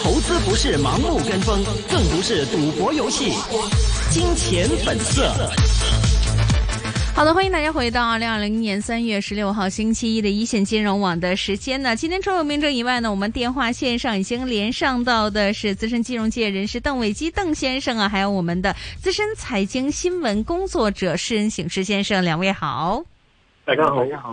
投資不是盲目跟風，更不是賭博遊戲。金錢本色。好的，歡迎大家回到二零二零年三月十六號星期一的一線金融網的時間呢。今天除了面證以外呢，我們電話線上已經連上到的是資深金融界人士鄧偉基鄧先生啊，還有我們的資深財經新聞工作者施仁醒先生。兩位好。大家好，你好。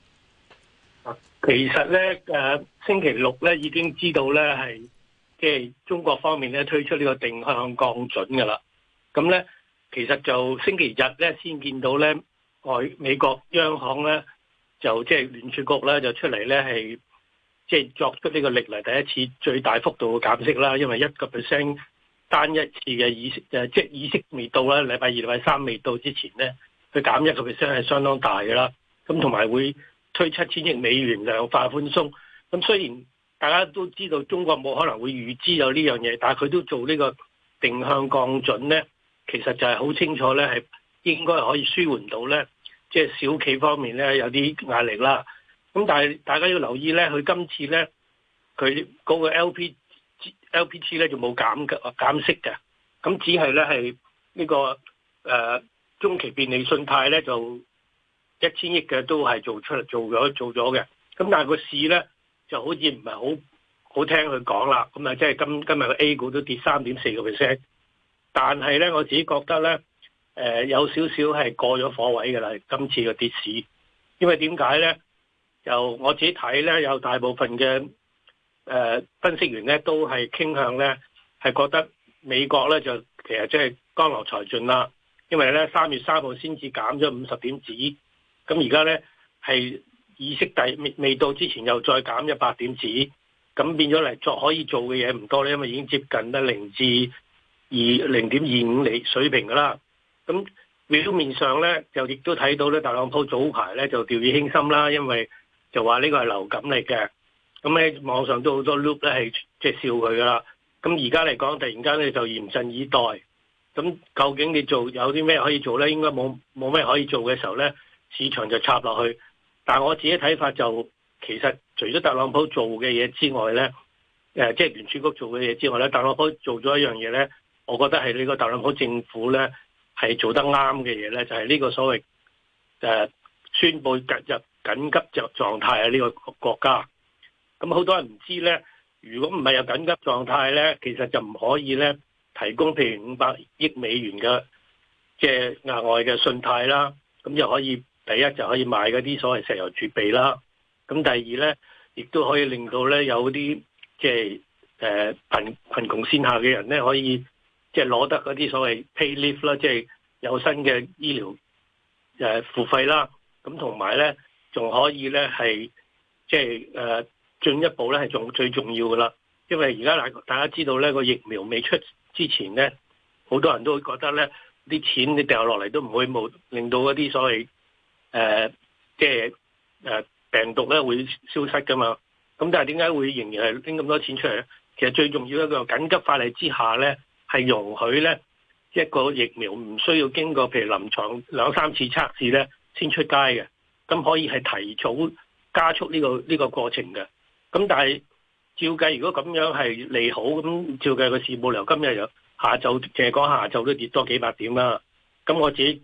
其實咧，誒、啊，星期六咧已經知道咧係即係中國方面咧推出呢個定向降準嘅啦。咁、嗯、咧，其實就星期日咧先見到咧，外美國央行咧就即係聯儲局咧就出嚟，咧係即係作出呢個歷來第一次最大幅度嘅減息啦。因為一個 percent 單一次嘅意誒即係利息未到啦，禮拜二、禮拜三未到之前咧，佢減一個 percent 係相當大㗎喇。咁同埋會。推七千億美元量化寬鬆，咁雖然大家都知道中國冇可能會預知有呢樣嘢，但係佢都做呢個定向降準呢，其實就係好清楚呢，係應該可以舒緩到呢，即係小企方面呢，有啲壓力啦。咁但係大家要留意呢，佢今次呢，佢嗰個 LPT LPT 呢就冇減嘅減息嘅，咁只係呢，係呢、呢個誒、呃、中期便利信貸呢，就。一千億嘅都係做出嚟做咗做咗嘅，咁但係個市咧就好似唔係好好聽佢講啦，咁啊即係今今日個 A 股都跌三點四個 percent，但係咧我自己覺得咧，誒、呃、有少少係過咗火位嘅啦，今次個跌市，因為點解咧？由我自己睇咧，有大部分嘅誒、呃、分析員咧都係傾向咧係覺得美國咧就其實即係江郎才盡啦，因為咧三月三號先至減咗五十點子。咁而家咧係議息日未未到之前又再減一百點子，咁變咗嚟作可以做嘅嘢唔多咧，因為已經接近得零至二零點二五厘水平噶啦。咁表面上咧就亦都睇到咧，特朗普早排咧就掉以輕心啦，因為就話呢個係流感嚟嘅。咁咧網上都好多 loop 咧係即係笑佢噶啦。咁而家嚟講，突然間咧就嚴陣以待。咁究竟你做有啲咩可以做咧？應該冇冇咩可以做嘅時候咧？市場就插落去，但係我自己睇法就其實除咗特朗普做嘅嘢之外呢，誒、呃、即係聯儲局做嘅嘢之外呢，特朗普做咗一樣嘢呢，我覺得係呢個特朗普政府呢係做得啱嘅嘢呢，就係、是、呢個所謂誒、呃、宣布進入緊急狀狀態啊呢個國家。咁好多人唔知呢，如果唔係有緊急狀態呢，其實就唔可以呢提供譬如五百億美元嘅即係額外嘅信貸啦，咁就可以。第一就可以買嗰啲所謂石油儲備啦，咁第二咧，亦都可以令到咧有啲即係誒貧貧窮綫下嘅人咧，可以即係攞得嗰啲所謂 pay lift 啦，即係有新嘅醫療誒付費啦，咁同埋咧仲可以咧係即係誒進一步咧係仲最重要噶啦，因為而家大大家知道咧個疫苗未出之前咧，好多人都會覺得咧啲錢你掉落嚟都唔會冇，令到嗰啲所謂。誒、呃，即係誒、呃、病毒咧會消失噶嘛？咁但係點解會仍然係拎咁多錢出嚟？其實最重要一個緊急法例之下咧，係容許咧一個疫苗唔需要經過譬如臨床兩三次測試咧先出街嘅，咁可以係提早加速呢、呢個呢、呢個過程嘅。咁但係照計，如果咁樣係利好，咁照計個事冇量今日有下晝，淨係講下晝都跌多幾百點啦。咁我自己。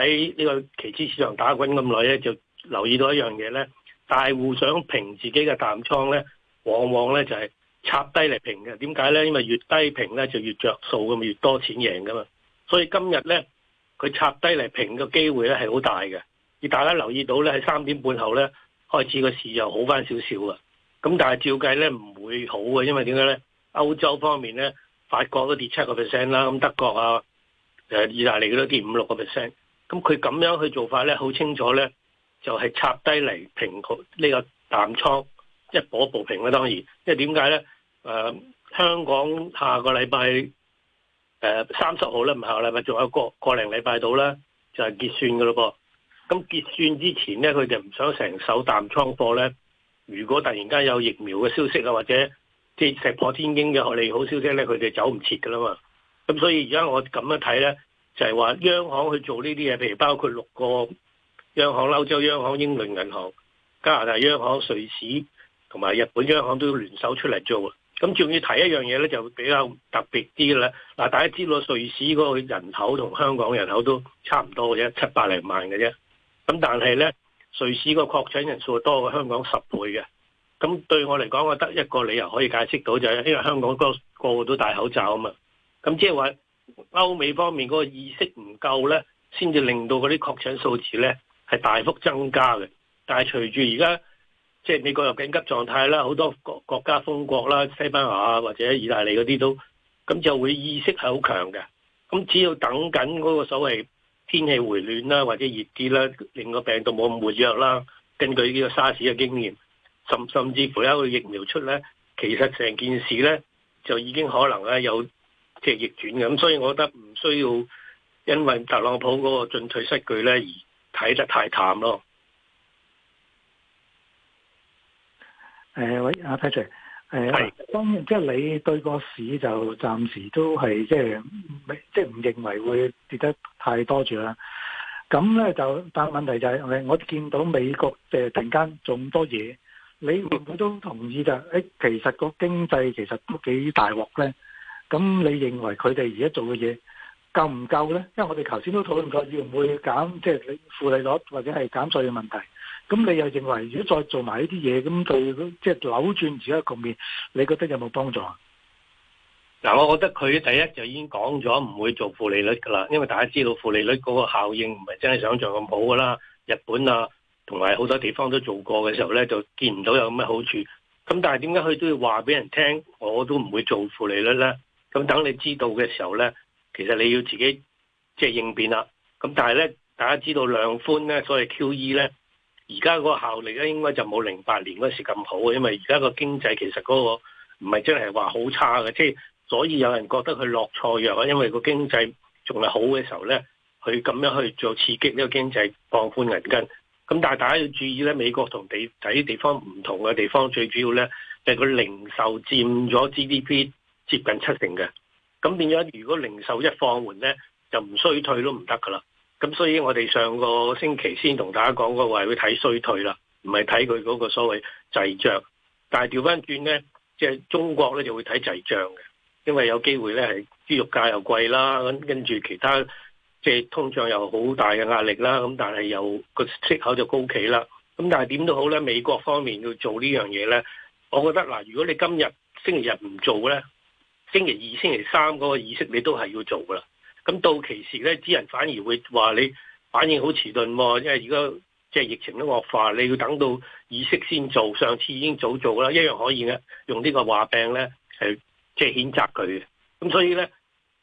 喺呢個期指市場打滾咁耐咧，就留意到一樣嘢咧。大戶想平自己嘅淡倉咧，往往咧就係插低嚟平嘅。點解咧？因為越低平咧就越着數，咁越多錢贏噶嘛。所以今日咧，佢插低嚟平嘅機會咧係好大嘅。而大家留意到咧，喺三點半後咧開始個市又好翻少少嘅。咁但係照計咧唔會好嘅，因為點解咧？歐洲方面咧，法國都跌七個 percent 啦，咁德國啊，誒意大利都跌五六個 percent。咁佢咁樣去做法咧，好清楚咧，就係、是、插低嚟平呢個淡倉，一搏報平啦、啊。當然，即係點解咧？誒、呃，香港下個禮拜誒三十號咧，唔、呃、係、就是、啊，下個禮拜仲有個個零禮拜到啦，就係結算嘅咯噃。咁結算之前咧，佢哋唔想成手淡倉貨咧。如果突然間有疫苗嘅消息啊，或者即係石破天驚嘅利好消息咧，佢哋走唔切噶啦嘛。咁所以而家我咁樣睇咧。就係話央行去做呢啲嘢，譬如包括六個央行、歐洲央行、英倫銀行、加拿大央行、瑞士同埋日本央行都要聯手出嚟做。咁仲要提一樣嘢咧，就比較特別啲啦。嗱，大家知道瑞士嗰個人口同香港人口都差唔多嘅啫，七百零萬嘅啫。咁但係咧，瑞士個確診人數多過香港十倍嘅。咁對我嚟講，我得一個理由可以解釋到，就係因為香港個個個都戴口罩啊嘛。咁即係話。歐美方面嗰、嗰個意識唔夠呢，先至令到嗰啲確診數字呢係大幅增加嘅。但係隨住而家即係美國有緊急狀態啦，好多國國家封國啦，西班牙啊或者意大利嗰啲都咁，就會意識係好強嘅。咁只要等緊嗰個所謂天氣回暖啦，或者熱啲啦，令個病毒冇咁活躍啦。根據呢個沙士嘅經驗，甚甚至乎有一個疫苗出呢，其實成件事呢就已經可能咧有。即係逆轉嘅，咁所以我覺得唔需要因為特朗普嗰個進退失據咧而睇得太淡咯。誒、呃，喂，阿、啊、Patrick，、呃、是當然即係你對個市就暫時都係即係即係唔認為會跌得太多住啦。咁咧就但問題就係、是、我見到美國誒突然間做咁多嘢，你會唔會都同意就誒？其實個經濟其實都幾大鑊咧。咁你認為佢哋而家做嘅嘢夠唔夠呢？因為我哋頭先都討論過要要，要唔會減即係負利率或者係減稅嘅問題？咁你又認為如果再做埋呢啲嘢，咁對即係、就是、扭轉而家嘅局面，你覺得有冇幫助啊？嗱，我覺得佢第一就已經講咗唔會做負利率㗎喇，因為大家知道負利率嗰個效應唔係真係想像咁好㗎喇。日本啊，同埋好多地方都做過嘅時候呢，就見唔到有咁嘅好處。咁但係點解佢都要話俾人聽，我都唔會做負利率呢？咁等你知道嘅時候呢，其實你要自己即係應變啦。咁但係呢，大家知道量寬呢，所謂 QE 呢，而家個效力呢應該就冇零八年嗰時咁好，因為而家個經濟其實嗰個唔係真係話好差嘅，即係所以有人覺得佢落錯藥啊，因為個經濟仲係好嘅時候呢，佢咁樣去做刺激呢個經濟，放寬銀根。咁但係大家要注意呢，美國同地底地方唔同嘅地方，最主要呢就係佢零售佔咗 GDP。接近七成嘅，咁變咗如果零售一放緩呢，就唔衰退都唔得噶啦。咁所以我哋上個星期先同大家講嗰個係會睇衰退啦，唔係睇佢嗰個所謂滯脹。但係調翻轉呢，即係中國呢就會睇滯脹嘅，因為有機會呢係豬肉價又貴啦，咁跟住其他即係通脹又好大嘅壓力啦。咁但係又個息口就高企啦。咁但係點都好呢，美國方面要做呢樣嘢呢，我覺得嗱，如果你今日星期日唔做呢。星期二、星期三嗰個議息你都係要做㗎啦。咁到其時呢啲人反而會話你反應好遲鈍喎，因為而家即係疫情都惡化，你要等到議息先做。上次已經早做啦，一樣可以嘅。用呢個話柄呢係即係譴責佢嘅。咁所以咧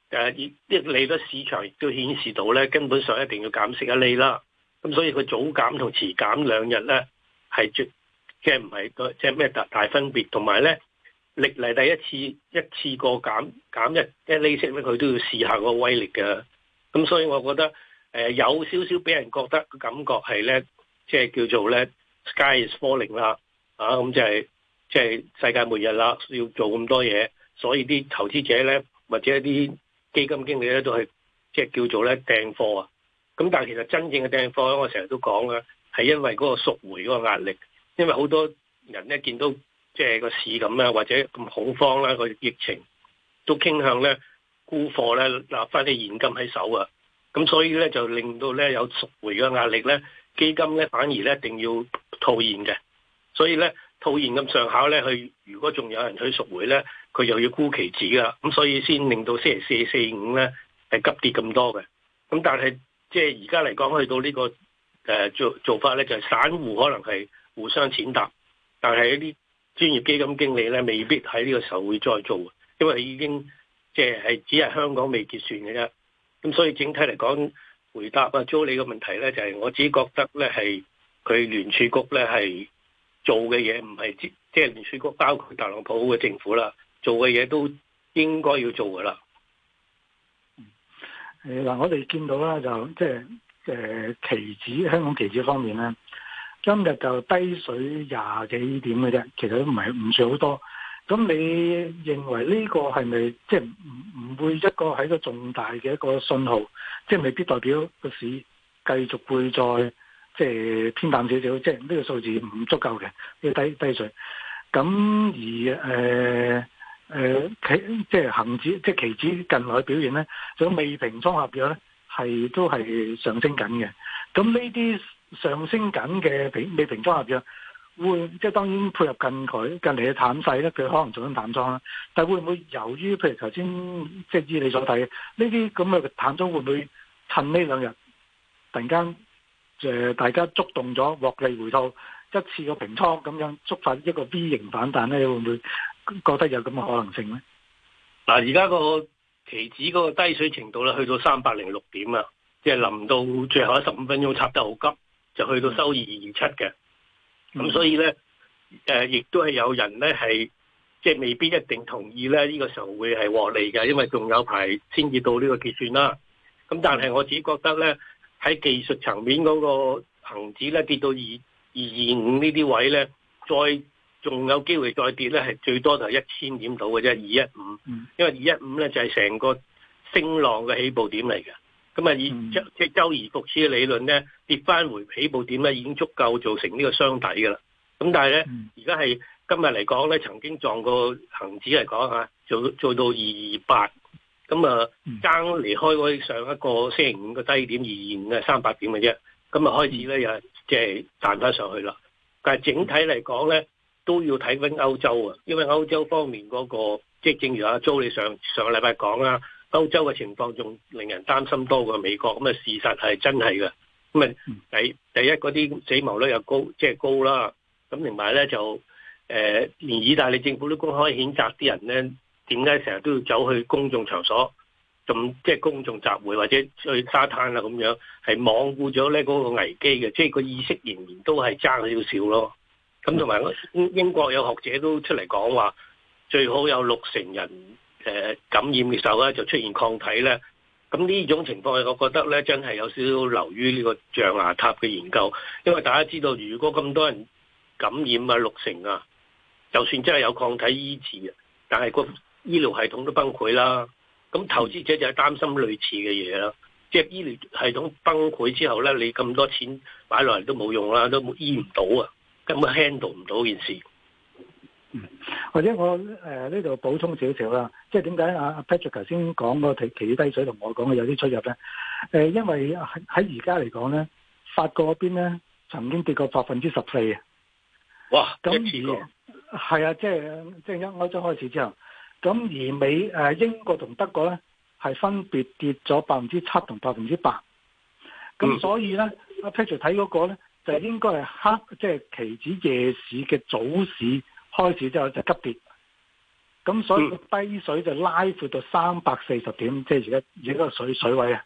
誒，啲利率市場亦都顯示到呢，根本上一定要減息一釐啦。咁所以佢早減同遲減兩日呢，係最即係唔係即係咩大大分別？同埋呢。歷嚟第一次一次過減減一一利息咧，佢都要試下個威力嘅。咁所以我覺得誒、呃、有少少俾人覺得感覺係咧，即係叫做咧 Sky is falling 啦、啊，啊、嗯、咁就係即係世界末日啦，需要做咁多嘢，所以啲投資者咧或者一啲基金經理咧都係即係叫做咧掟貨啊。咁但係其實真正嘅掟貨咧，我成日都講啦，係因為嗰個贖回嗰個壓力，因為好多人咧見到。即係個市咁啦，或者咁恐慌啦，個疫情都傾向咧沽貨咧，立翻啲現金喺手啊。咁所以咧就令到咧有贖回嘅壓力咧，基金咧反而咧一定要套現嘅。所以咧套現咁上下咧，佢如果仲有人去贖回咧，佢又要沽期指噶啦。咁所以先令到星期四四,四五咧係急跌咁多嘅。咁但係即係而家嚟講去到呢、呢個誒、呃、做做法咧，就係、是、散戶可能係互相踐踏，但係呢？專業基金經理咧，未必喺呢個時候會再做，因為已經即係係只係香港未結算嘅啫。咁所以整體嚟講，回答啊 Joey 嘅問題咧，就係、是、我只覺得咧係佢聯儲局咧係做嘅嘢，唔係即係聯儲局包括特朗普嘅政府啦，做嘅嘢都應該要做噶啦。誒嗱、呃，我哋見到啦，就即係誒期指香港期指方面咧。今日就低水廿幾點嘅啫，其實都唔係唔算好多。咁你認為呢個係咪即係唔唔會一個係一個重大嘅一個信號？即係未必代表個市繼續會再即係偏淡少少。即係呢個數字唔足夠嘅，要低低水。咁而誒誒，即係恒指即係期指近來嘅表現咧，就未平倉合約咧係都係上升緊嘅。咁呢啲。上升緊嘅平未平倉合約，會即係當然配合近佢近嚟嘅淡勢咧，佢可能做緊淡倉啦。但係會唔會由於譬如頭先即係以你所睇嘅呢啲咁嘅淡倉，會唔會趁呢兩日突然間誒、呃、大家觸動咗獲利回吐，一次個平倉咁樣觸發一個 V 型反彈咧？你會唔會覺得有咁嘅可能性咧？嗱、那個，而家個期指嗰個低水程度咧，去到三百零六點啊，即、就、係、是、臨到最後一十五分鐘插得好急。就去到收二二七嘅，咁所以咧，誒，亦都係有人咧係，即係未必一定同意咧，呢個時候會係獲利嘅，因為仲有排先至到呢個結算啦。咁但係我自己覺得咧，喺技術層面嗰個恆指咧跌到二二二五呢啲位咧，再仲有機會再跌咧，係最多就係一千點到嘅啫，二一五。因為二一五咧就係成個升浪嘅起步點嚟嘅。咁啊，嗯、以即係周而復始嘅理論咧，跌翻回起步點咧已經足夠造成個呢個箱底噶啦。咁但係咧，而家係今日嚟講咧，曾經撞過恒指嚟講嚇，做做到二二八，咁啊、嗯，爭離開嗰上一個星期五嘅低點二二五嘅三百點嘅啫，咁啊，開始咧又即係彈翻上去啦。但係整體嚟講咧，都要睇翻歐洲啊，因為歐洲方面嗰、那個即係、就是、正如阿周你上上個禮拜講啦、啊。歐洲嘅情況仲令人擔心多過美國，咁啊事實係真係嘅，咁啊第第一嗰啲死亡率又高，即係高啦。咁同埋咧就誒，連意大利政府都公開譴責啲人咧，點解成日都要走去公眾場所，仲即係公眾集會或者去沙灘啦咁樣，係罔顧咗咧嗰個危機嘅，即係個意識仍然都係爭少少咯。咁同埋英英國有學者都出嚟講話，最好有六成人。誒感染嘅時候咧就出現抗體咧，咁呢種情況我覺得咧真係有少少流於呢個象牙塔嘅研究，因為大家知道如果咁多人感染啊六成啊，就算真係有抗體醫治，但係個醫療系統都崩潰啦。咁投資者就係擔心類似嘅嘢啦，即係醫療系統崩潰之後咧，你咁多錢買落嚟都冇用啦，都醫唔到啊，根本 handle 唔到件事。或者我誒呢度補充少少啦，即係點解阿 Patrick 頭先講個期期指低水同我講嘅有啲出入咧？誒、呃，因為喺喺而家嚟講咧，法國嗰邊咧曾經跌過百分之十四嘅。哇！而一次個係、嗯、啊，即係即係一歐州開始之後，咁而美誒、啊、英國同德國咧係分別跌咗百分之七同百分之八。咁所以咧，阿、嗯啊、Patrick 睇嗰個咧就係應該係黑即係期指夜市嘅早市。嗯開始之後就急跌，咁所以個低水就拉闊到三百四十點，嗯、即係而家而家個水水位啊，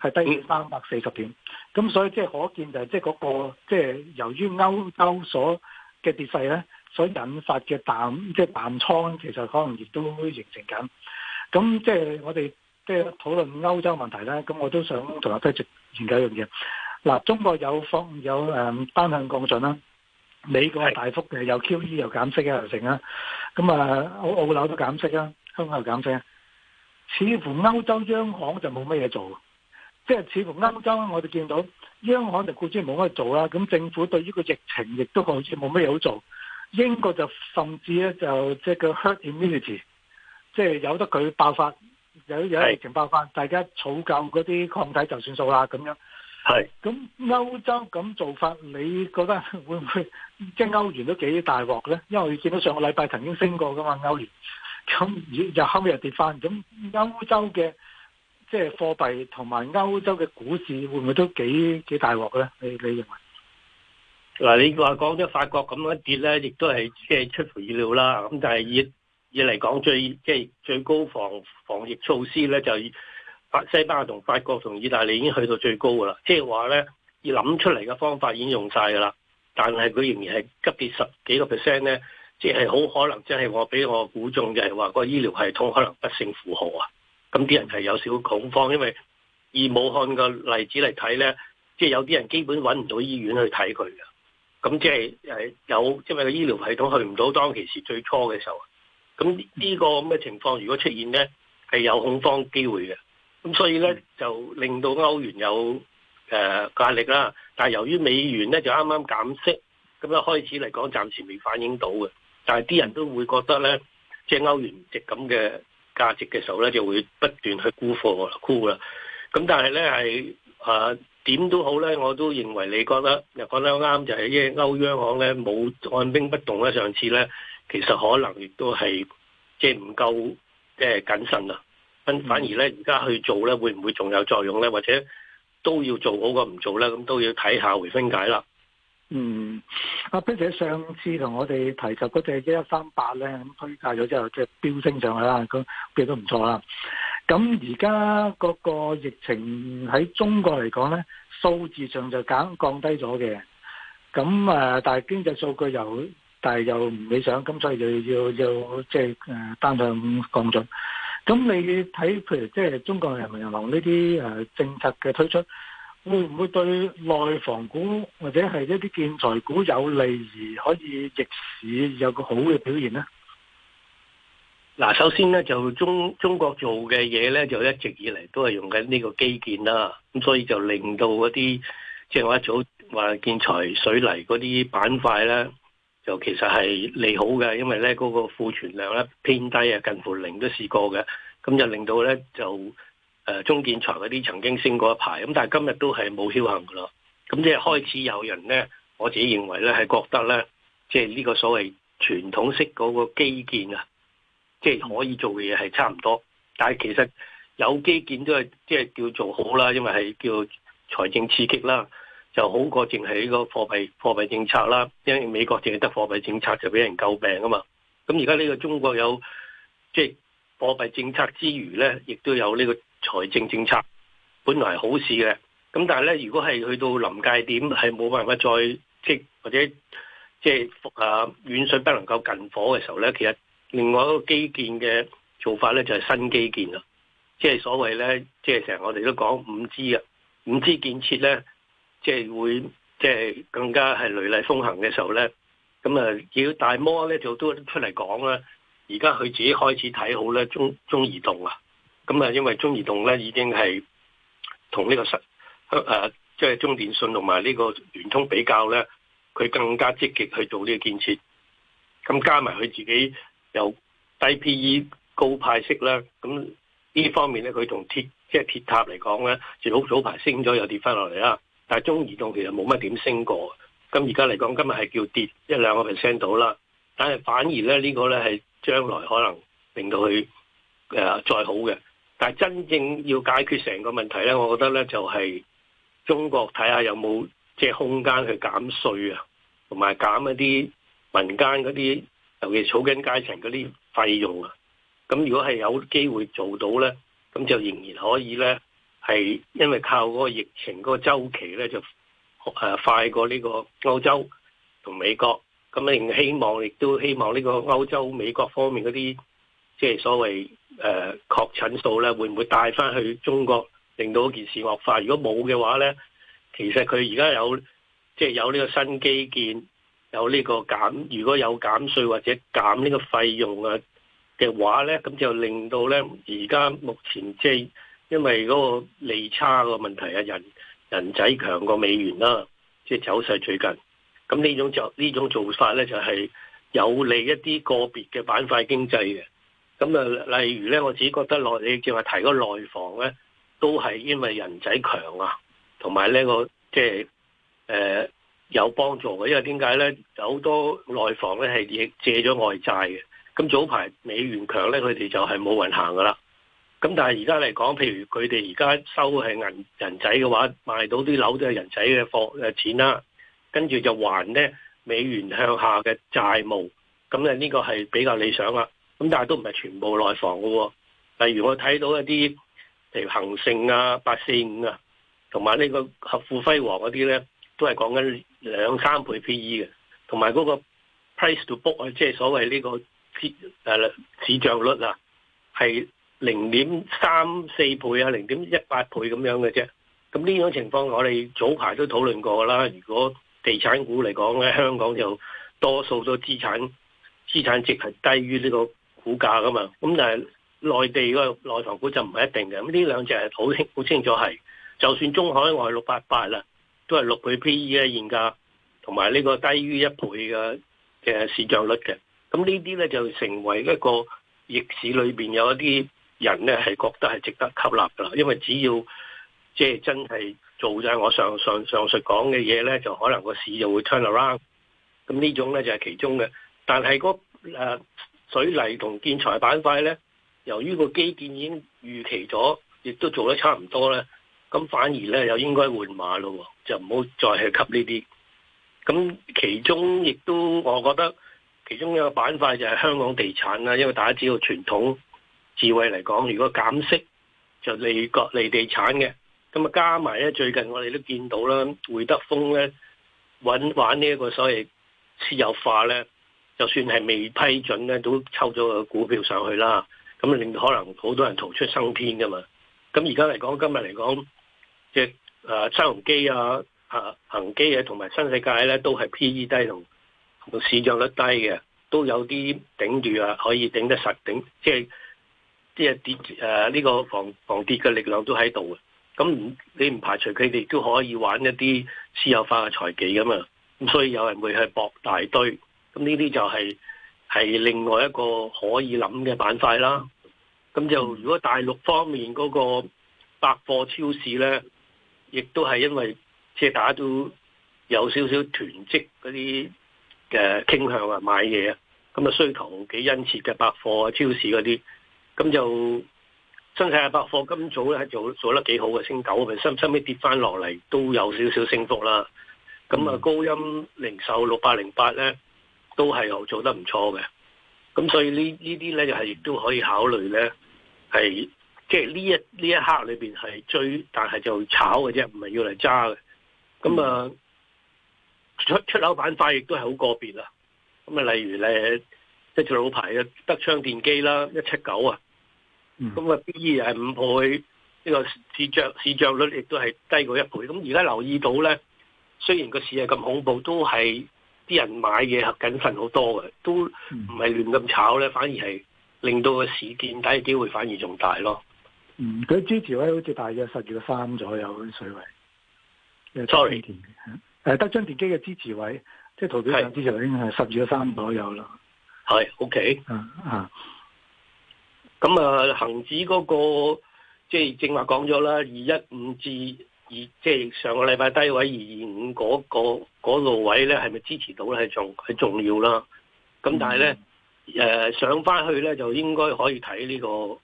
係低於三百四十點。咁所以即係可見就係即係、那、嗰個即係由於歐洲所嘅跌勢咧，所引發嘅淡即係淡倉，其實可能亦都形成緊。咁即係我哋即係討論歐洲問題咧，咁我都想同阿輝直研究一樣嘢。嗱，中國有放有誒、呃、單向降準啦。美國係大幅嘅，有 QE 的又減息啊，又成啊，咁啊澳澳樓都減息啊，香港又減息啊，似乎歐洲央行就冇乜嘢做，即係似乎歐洲我哋見到央行就固之冇乜做啦，咁政府對於個疫情亦都好似冇乜嘢好做，英國就甚至咧就即係個 herd immunity，即係由得佢爆發，有有疫情爆發，的大家儲夠嗰啲抗體就算數啦，咁樣。係，咁歐是洲咁做法，你覺得會唔會即係歐元都幾大鑊咧？因為你見到上個禮拜曾經升過噶嘛，歐元，咁而又後尾又跌翻。咁歐洲嘅即係貨幣同埋歐洲嘅股市會唔會都幾幾大鑊咧？你你認為？嗱，你話講咗法國咁樣跌咧，亦都係即係出乎意料啦。咁但係以以嚟講，最即係最高防防疫措施咧，就西班牙同法國同意大利已經去到最高噶啦，即係話咧，要諗出嚟嘅方法已經用晒噶啦，但係佢仍然係急跌十幾個 percent 咧，即係好可能，即係我俾我估中就係話個醫療系統可能不勝負荷啊。咁啲人係有少少恐慌，因為以武漢個例子嚟睇咧，即係有啲人基本揾唔到醫院去睇佢嘅，咁即係誒有，因為個醫療系統去唔到當其時最初嘅時候。咁呢個咁嘅情況如果出現咧，係有恐慌機會嘅。咁所以咧就令到歐元有誒、呃、壓力啦，但係由於美元咧就啱啱減息，咁一開始嚟講暫時未反映到嘅，但係啲人都會覺得咧，即係歐元值咁嘅價值嘅時候咧，就會不斷去沽貨啦，沽、呃、啦。咁、呃、但係咧係啊點都好咧，我都認為你覺得又覺得啱，就係因為歐央行咧冇按兵不動咧，上次咧其實可能亦都係即係唔夠，即係、呃、謹慎啦。咁反而咧，而家去做咧，會唔會仲有作用咧？或者都要做好過唔做咧？咁都要睇下回分解啦。嗯，阿 Peter 上次同我哋提及嗰隻一一三八咧，咁推介咗之後即係飆升上去啦，咁嘅都唔錯啦。咁而家嗰個疫情喺中國嚟講咧，數字上就減降低咗嘅。咁誒，但係經濟數據又但係又唔理想，咁所以就要要即係誒單向降準。咁你睇，譬如即係、就是、中國人民銀行呢啲誒政策嘅推出，會唔會對內房股或者係一啲建材股有利，而可以逆市有個好嘅表現呢？嗱、啊，首先呢，就中中國做嘅嘢呢，就一直以嚟都係用緊呢個基建啦、啊，咁所以就令到嗰啲即係我一早話建材、水泥嗰啲板塊呢。就其實係利好嘅，因為咧嗰、那個庫存量咧偏低啊，近乎零都試過嘅，咁就令到咧就誒、呃、中建材嗰啲曾經升過一排，咁但係今日都係冇僥倖嘅咯，咁即係開始有人咧，我自己認為咧係覺得咧，即係呢個所謂傳統式嗰個基建啊，即、就、係、是、可以做嘅嘢係差唔多，但係其實有基建都係即係叫做好啦，因為係叫財政刺激啦。就好過淨係呢個貨幣貨幣政策啦，因為美國淨係得貨幣政策就俾人詬病啊嘛。咁而家呢個中國有即係、就是、貨幣政策之餘呢，亦都有呢個財政政策，本來係好事嘅。咁但係呢，如果係去到臨界點，係冇辦法再即或者即係覆、啊、遠水不能夠近火嘅時候呢，其實另外一個基建嘅做法呢，就係、是、新基建啦，即、就、係、是、所謂呢，即係成日我哋都講五 G 啊，五 G 建設呢。即係會，即係更加係雷厲風行嘅時候咧。咁啊，只要大摩咧就都出嚟講啦。而家佢自己開始睇好咧中中移動啊。咁啊，因為中移動咧已經係同呢個實香即係中電信同埋呢個聯通比較咧，佢更加積極去做呢個建設。咁加埋佢自己又低 PE 高派息啦。咁呢方面咧，佢同鐵即係、就是、鐵塔嚟講咧，就好早排升咗又跌翻落嚟啊。但係中移動其實冇乜點升過，咁而家嚟講今日係叫跌一兩個 percent 到啦。但係反而咧呢個咧係將來可能令到佢誒再好嘅。但係真正要解決成個問題咧，我覺得咧就係中國睇下有冇即係空間去減稅啊，同埋減一啲民間嗰啲，尤其草根階層嗰啲費用啊。咁如果係有機會做到咧，咁就仍然可以咧。係因為靠嗰個疫情嗰個週期咧，就誒快過呢個歐洲同美國，咁你希望亦都希望呢個歐洲美國方面嗰啲，即係所謂誒確診數咧，會唔會帶翻去中國，令到件事惡化？如果冇嘅話咧，其實佢而家有即係有呢個新基建，有呢個減，如果有減稅或者減呢個費用啊嘅話咧，咁就令到咧而家目前即係。就是因為嗰個利差個問題啊，人人仔強過美元啦，即係走勢最近。咁呢種就呢種做法咧，就係、是、有利一啲個別嘅板塊經濟嘅。咁啊，例如咧，我自己覺得內，你正話提嗰內房咧，都係因為人仔強啊，同埋呢個即係誒有幫助嘅。因為點解咧？有好多內房咧係借咗外債嘅。咁早排美元強咧，佢哋就係冇運行噶啦。咁但係而家嚟講，譬如佢哋而家收係銀人仔嘅話，賣到啲樓都係人仔嘅貨嘅錢啦，跟住就還呢美元向下嘅債務。咁誒呢個係比較理想啦。咁但係都唔係全部內房嘅喎、哦。例如我睇到一啲譬如恒盛啊、八四五啊，同埋呢個合富輝煌嗰啲呢，都係講緊兩三倍 P/E 嘅，同埋嗰個 price to book、這個、啊，即係所謂呢個市誒市賬率啊，係。零點三四倍啊，零點一八倍咁樣嘅啫。咁呢種情況我哋早排都討論過啦。如果地產股嚟講咧，香港就多數都資產資產值係低於呢個股價㗎嘛。咁但係內地嗰個內房股就唔係一定嘅。咁呢兩隻係好清好清楚係，就算中海外六八八啦，都係六倍 P E 嘅現價，同埋呢個低於一倍嘅嘅市賬率嘅。咁呢啲咧就成為一個逆市裏邊有一啲。人咧係覺得係值得吸納㗎啦，因為只要即係真係做晒我上上上述講嘅嘢咧，就可能個市就會 turn around。咁呢種咧就係其中嘅。但係嗰誒水泥同建材板塊咧，由於個基建已經預期咗，亦都做得差唔多咧，咁反而咧又應該換馬咯，就唔好再去吸呢啲。咁其中亦都，我覺得其中一個板塊就係香港地產啦，因為大家知道傳統。智慧嚟講，如果減息就利國利地產嘅。咁啊，加埋咧，最近我哋都見到啦，會德豐咧揾玩呢一個所謂私有化咧，就算係未批准咧，都抽咗個股票上去啦。咁令到可能好多人逃出生天噶嘛。咁而家嚟講，今日嚟講，即係啊新鴻基啊啊恆基啊同埋新世界咧，都係 P E 低同市賬率低嘅，都有啲頂住啊，可以頂得實頂，即係。即係跌誒呢個防防跌嘅力量都喺度嘅，咁你唔排除佢哋都可以玩一啲私有化嘅財技噶嘛，咁所以有人會去博大堆，咁呢啲就係、是、係另外一個可以諗嘅板塊啦。咁就如果大陸方面嗰個百貨超市咧，亦都係因為即係大家都有少少囤積嗰啲嘅傾向啊，買嘢，咁啊需求幾殷切嘅百貨、啊、超市嗰啲。咁就新世界百貨今早咧做做得幾好嘅，升九，但收收尾跌翻落嚟都有少少升幅啦。咁啊，嗯、高鑫零售六百零八咧都係有做得唔錯嘅。咁所以呢呢啲咧亦都可以考慮咧，係即係呢一呢一刻裏邊係追，但係就炒嘅啫，唔係要嚟揸嘅。咁啊、嗯，出出口板塊亦都係好個別啦。咁啊，例如咧。即係最老牌嘅德昌電機啦，一七九啊，咁啊、嗯、B 二係五倍，呢、呢個市賬市賬率亦都係低過一倍。咁而家留意到咧，雖然個市係咁恐怖，都係啲人買嘢合謹慎好多嘅，都唔係亂咁炒咧，反而係令到個市見底嘅機會反而仲大咯。嗯，佢支持位好似大約十二個三左右嗰啲水位。誒 Sorry，德昌電機嘅支持位，即係圖表上支持位已經係十二個三左右啦。係 Yes，OK，啊啊，咁啊，恒指嗰、那個即係正話講咗啦，二一五至二，即係上個禮拜低位二二五嗰個嗰、那個位咧，係咪支持到咧？係重係重要啦。咁但係咧，誒、mm hmm. 呃，上返去咧就應該可以睇呢、這個誒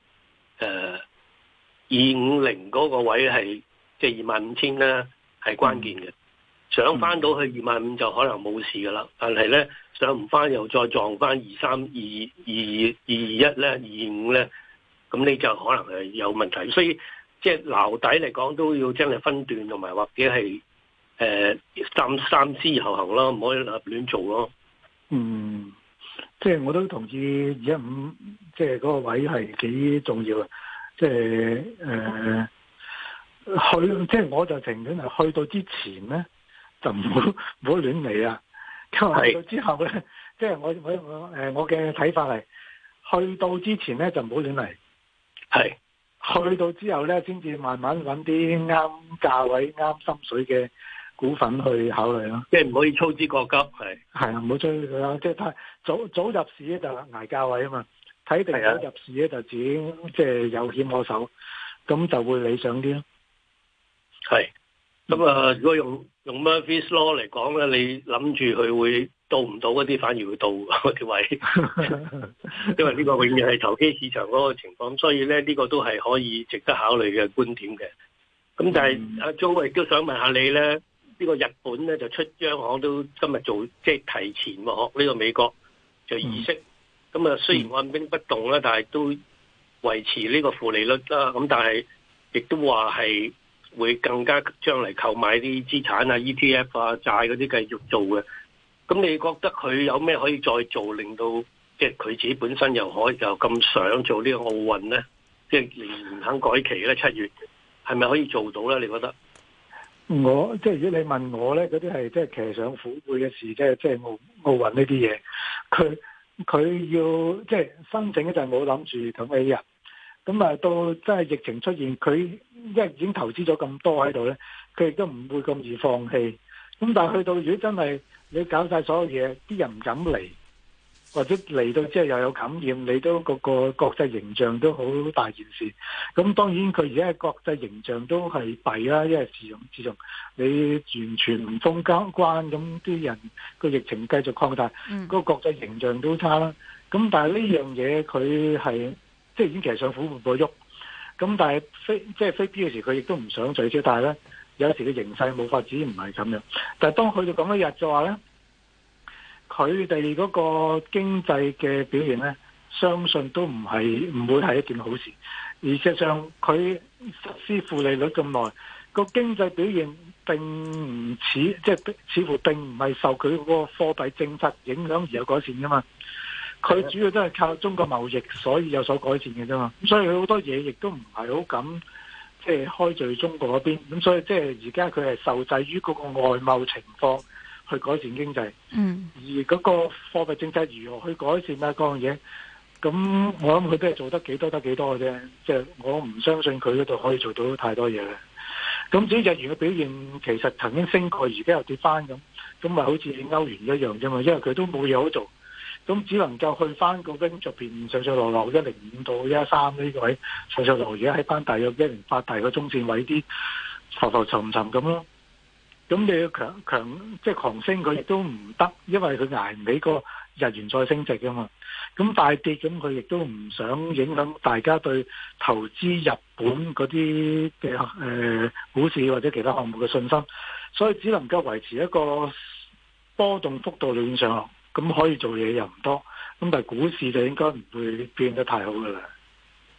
二五零嗰個位係即係二萬五千咧係關鍵嘅。上返到去二萬五就可能冇事噶啦，但係咧。上唔翻又再撞翻二三二二二二一咧，二五咧，咁你就可能係有問題，所以即係撈底嚟講都要將你分段同埋或者係誒三三思後行咯，唔可以立亂做咯。嗯，即係我都同意二五，即係嗰個位係幾重要啊！即係誒去，即係我就情願係去到之前咧，就唔好唔好亂嚟啊！係之後咧，是即係我我我誒，我嘅睇法係去到之前咧就唔好亂嚟，係是去到之後咧先至慢慢揾啲啱價位、啱心水嘅股份去考慮咯，即係唔可以操之過急，係係啊，唔好追佢咯。即係太早早入市咧就挨價位啊嘛，睇定早入市咧就已的即係有險可守，咁就會理想啲咯。係。咁啊，嗯嗯、如果用用 Murphy's Law 嚟講咧，你諗住佢會到唔到嗰啲，反而會到嗰條位， 因為呢個永遠係投機市場嗰個情況，所以咧呢、這個都係可以值得考慮嘅觀點嘅。咁但係阿鍾 o 亦都想問下你咧，呢、這個日本咧就出央行都今日做即係提前喎呢、這個美國就議息。咁啊、嗯嗯嗯嗯，雖然按兵不動啦，但係都維持呢個負利率啦。咁但係亦都話係。會更加將嚟購買啲資產啊、ETF 啊、債嗰啲繼續做嘅。咁你覺得佢有咩可以再做，令到即係佢自己本身又可以就咁想做個奧運呢個奧運咧？即係仍然肯改期咧，七月係咪可以做到咧？你覺得？我即係如果你問我咧，嗰啲係即係騎上虎背嘅事，就是、就是奧奧運即係即係奧奧運呢啲嘢，佢佢要即係申請就冇諗住咁嘅日咁啊，到真係疫情出現佢。因係已經投資咗咁多喺度咧，佢亦都唔會咁易放棄。咁但係去到如果真係你搞晒所有嘢，啲人唔敢嚟，或者嚟到之係又有感染，你都個個國際形象都好大件事。咁當然佢而家國際形象都係弊啦，因為自從自從你完全唔封交關，咁啲人個疫情繼續擴大，嗯、個國際形象都差啦。咁但係呢樣嘢佢係即係已經其實上苦步步喐。咁但係非，即係非必要時，佢亦都唔想取消。但係咧，有時嘅形勢冇法子唔係咁樣。但係當佢哋講咁一日就話咧，佢哋嗰個經濟嘅表現咧，相信都唔係唔會係一件好事。事實上，佢實施負利率咁耐，個經濟表現並唔似即係、就是、似乎並唔係受佢嗰個貨幣政策影響而有改善噶嘛。佢主要都係靠中國貿易，所以有所改善嘅啫嘛。所以佢好多嘢亦都唔係好敢即係開罪中國嗰邊。咁所以即係而家佢係受制於嗰個外貿情況去改善經濟。嗯，而嗰個貨幣政策如何去改善啊嗰樣嘢？咁、那個、我諗佢都係做得幾多得幾多嘅啫。即係我唔相信佢嗰度可以做到太多嘢。咁至於日元嘅表現，其實曾經升過，而家又跌翻咁，咁咪好似歐元一樣啫嘛。因為佢都冇嘢好做。咁只能夠去翻個 range 入邊，上上落落一零五到一三呢個位上上落，而家，喺翻大約一零八大個中線位啲浮浮沉沉咁咯。咁你要強強即係狂升佢亦都唔得，因為佢捱唔起個日元再升值㗎嘛。咁大跌咁佢亦都唔想影響大家對投資日本嗰啲嘅誒股市或者其他項目嘅信心，所以只能夠維持一個波動幅度嚟上落。咁可以做嘢又唔多，咁但係股市就應該唔會變得太好噶啦。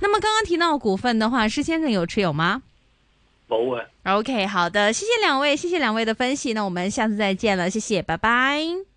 那麼剛剛提到股份的話，施先生有持有嗎？冇啊。OK，好的，謝謝兩位，謝謝兩位的分析，那我們下次再見了，謝謝，拜拜。